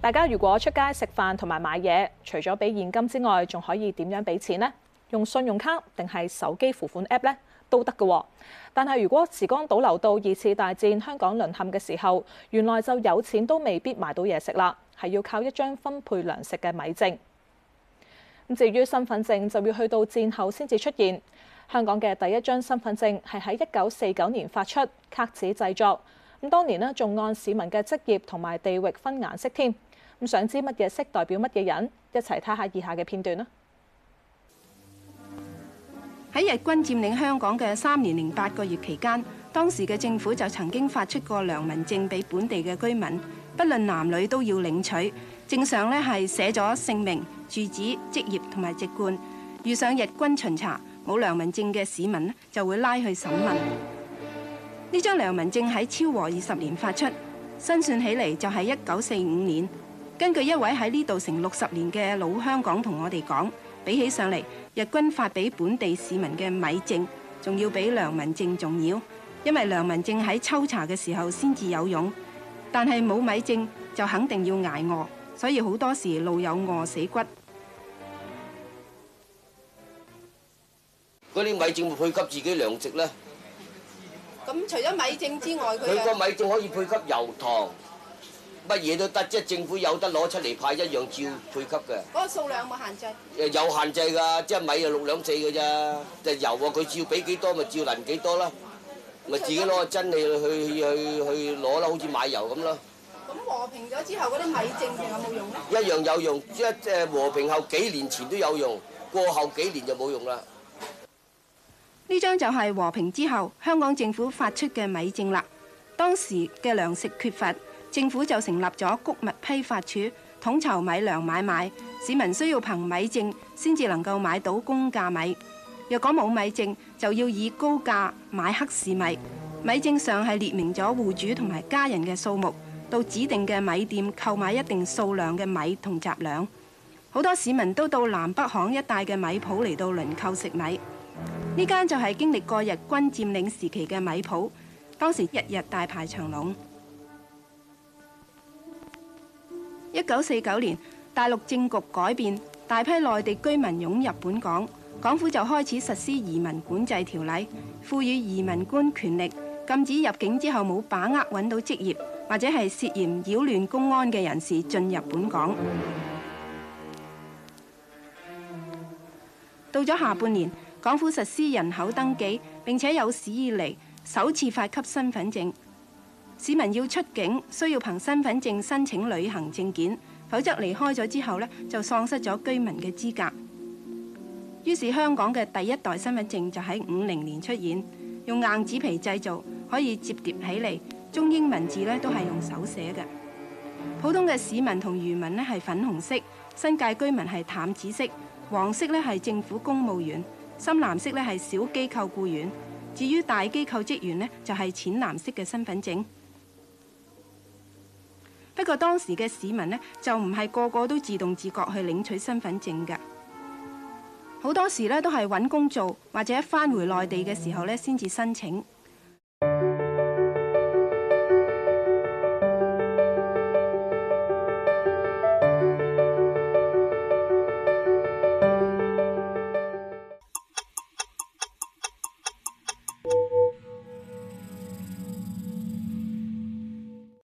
大家如果出街食飯同埋買嘢，除咗俾現金之外，仲可以點樣俾錢呢？用信用卡定係手機付款 app 呢？都得㗎。但係如果時光倒流到二次大戰香港淪陷嘅時候，原來就有錢都未必買到嘢食啦，係要靠一張分配糧食嘅米證。咁至於身份證就要去到戰後先至出現。香港嘅第一張身份證係喺一九四九年發出，卡紙製作。咁當年呢，仲按市民嘅職業同埋地域分顏色添。咁想知乜嘢色代表乜嘢人？一齊睇下以下嘅片段啦。喺日軍佔領香港嘅三年零八個月期間，當時嘅政府就曾經發出過良民證俾本地嘅居民，不論男女都要領取。證上咧係寫咗姓名、住址、職業同埋籍貫。遇上日軍巡查，冇良民證嘅市民就會拉去審問。呢張良民證喺昭和二十年發出，新算起嚟就係一九四五年。根據一位喺呢度成六十年嘅老香港同我哋講，比起上嚟，日軍發俾本地市民嘅米證，仲要比良民證重要，因為良民證喺抽查嘅時候先至有用，但係冇米證就肯定要挨餓，所以好多時路有餓死骨。嗰啲米證會配給自己糧食呢？咁除咗米證之外，佢佢個米證仲可以配給油糖。乜嘢都得，即係政府有得攞出嚟派一樣照配給嘅。嗰個數量有冇限制？誒，有限制㗎，即係米就六兩四嘅啫。就油喎，佢照俾幾多咪照攰幾多啦，咪自己攞個真理去去去攞啦，好似買油咁咯。咁和平咗之後，嗰啲米證仲有冇用咧？一樣有用，即和平後幾年前都有用，過後幾年就冇用啦。呢張就係和平之後香港政府發出嘅米證啦，當時嘅糧食缺乏。政府就成立咗穀物批發處統籌米糧買賣，市民需要憑米證先至能夠買到公價米。若果冇米證，就要以高價買黑市米。米證上係列明咗戶主同埋家人嘅數目，到指定嘅米店購買一定數量嘅米同雜糧。好多市民都到南北巷一帶嘅米鋪嚟到輪購食米。呢間就係經歷過日軍佔領時期嘅米鋪，當時日日大排長龍。一九四九年，大陸政局改變，大批內地居民湧入本港，港府就開始實施移民管制條例，賦予移民官權力，禁止入境之後冇把握揾到職業或者係涉嫌擾亂公安嘅人士進入本港。到咗下半年，港府實施人口登記，並且有史以嚟首次發給身份證。市民要出境需要憑身份證申請旅行證件，否則離開咗之後呢，就喪失咗居民嘅資格。於是香港嘅第一代身份證就喺五零年出現，用硬紙皮製造，可以摺疊起嚟。中英文字呢都係用手寫嘅。普通嘅市民同漁民呢係粉紅色，新界居民係淡紫色，黃色呢係政府公務員，深藍色呢係小機構僱員，至於大機構職員呢，就係淺藍色嘅身份證。不過當時嘅市民呢，就唔係個個都自動自覺去領取身份證嘅，好多時呢，都係揾工做或者返回內地嘅時候呢，先至申請。